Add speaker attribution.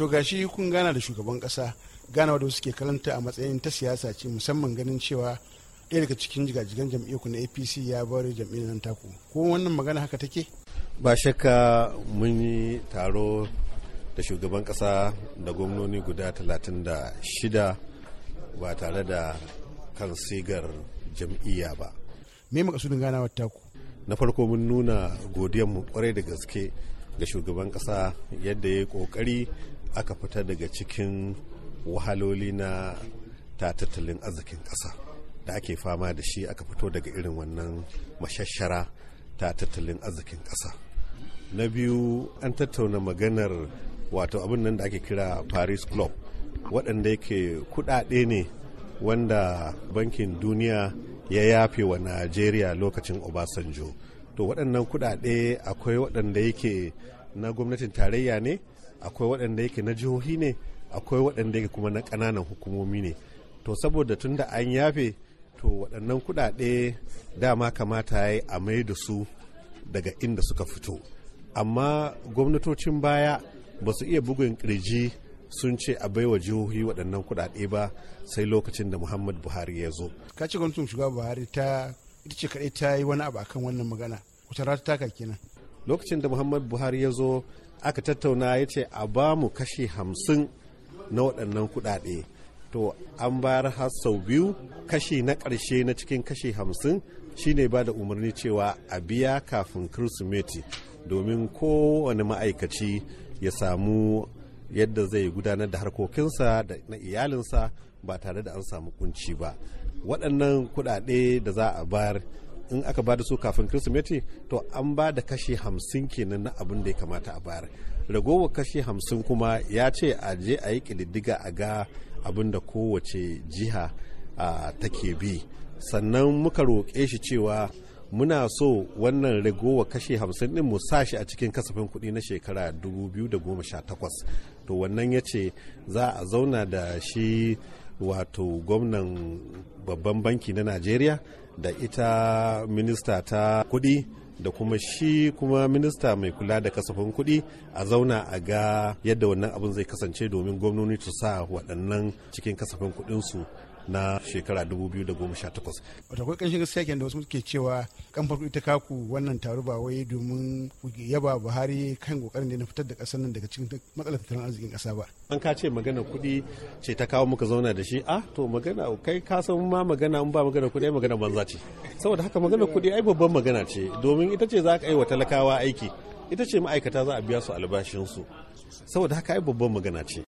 Speaker 1: to gashi kun gana da shugaban kasa gana da suke kalanta a matsayin ta siyasa ce musamman ganin cewa ɗaya daga cikin jigajigan ku na apc ya bar jam'iyyar nan taku ko wannan magana haka take
Speaker 2: ba shakka mun yi taro da shugaban kasa da gwamnoni guda 36 ba tare da kan sigar jam'iyya ba me makasudin ganawar taku na farko mun nuna mu kwarai da gaske ga shugaban kasa yadda ya yi kokari aka fita daga cikin wahaloli na tattalin arzikin ƙasa da ake fama da shi aka fito daga irin wannan mashashara ta tattalin arzikin ƙasa na biyu an tattauna maganar wato abin nan da ake kira paris club waɗanda yake kuɗaɗe ne wanda bankin duniya ya yafe wa najeriya lokacin obasanjo to waɗannan kuɗaɗe akwai waɗanda yake na gwamnatin tarayya ne akwai waɗanda yake na jihohi ne akwai waɗanda yake kuma na ƙananan hukumomi ne to saboda tun da an yafe to waɗannan kuɗaɗe dama kamata ya yi a mai da su daga inda suka fito amma gwamnatocin baya ba su iya bugun ƙirji sun ce a baiwa jihohi waɗannan kuɗaɗe ba sai lokacin da muhammad buhari ya zo
Speaker 1: ka ce gwamnatin shugaba buhari ta ita ce kaɗai ta yi wani abu akan wannan magana rata taka kenan
Speaker 2: lokacin da muhammad buhari ya zo aka tattauna ya ce a ba mu kashi hamsin na waɗannan kuɗaɗe to an bayar har sau biyu kashi na ƙarshe na cikin kashi hamsin shine ba da umarni cewa a biya kafin kirsimeti domin kowane ma'aikaci ya samu yadda zai gudanar da harkokinsa da na iyalinsa ba tare da an samu kunci ba waɗannan kuɗaɗe da za a bayar in aka ba da su kafin kirsimeti to an ba da kashi hamsin kenan na abin da ya kamata a bayar ragowa kashi hamsin kuma ya ce a je a yi kididdiga a ga abin da kowace jiha take bi sannan muka roƙe shi cewa muna so wannan ragowa kashi hamsin din mu sa shi a cikin kasafin kuɗi na shekara 2018 to wannan ya ce za a zauna da shi wato gwamnan babban banki na najeriya da ita minista ta kuɗi da kuma shi kuma minista mai kula da kasafin kuɗi a zauna a ga yadda wannan abin zai kasance domin gwamnoni su sa waɗannan cikin kasafin kuɗinsu na shekara 2018
Speaker 1: wata kwa ƙanshin gaskiya da wasu ke cewa kan farko ita kaku wannan taro ba wai domin yaba buhari kan kokarin da na fitar da kasar nan daga cikin matsalar tattalin arzikin
Speaker 2: kasa ba an ka ce magana kuɗi ce ta kawo muka zauna da shi a ah, to magana kai ka san ma magana in ba magana kuɗi ai magana banza ce saboda haka magana kuɗi ai babban magana ce domin ita ce za ka yi wa talakawa aiki ita ce ma'aikata za a biya su albashinsu saboda haka ai babban magana ce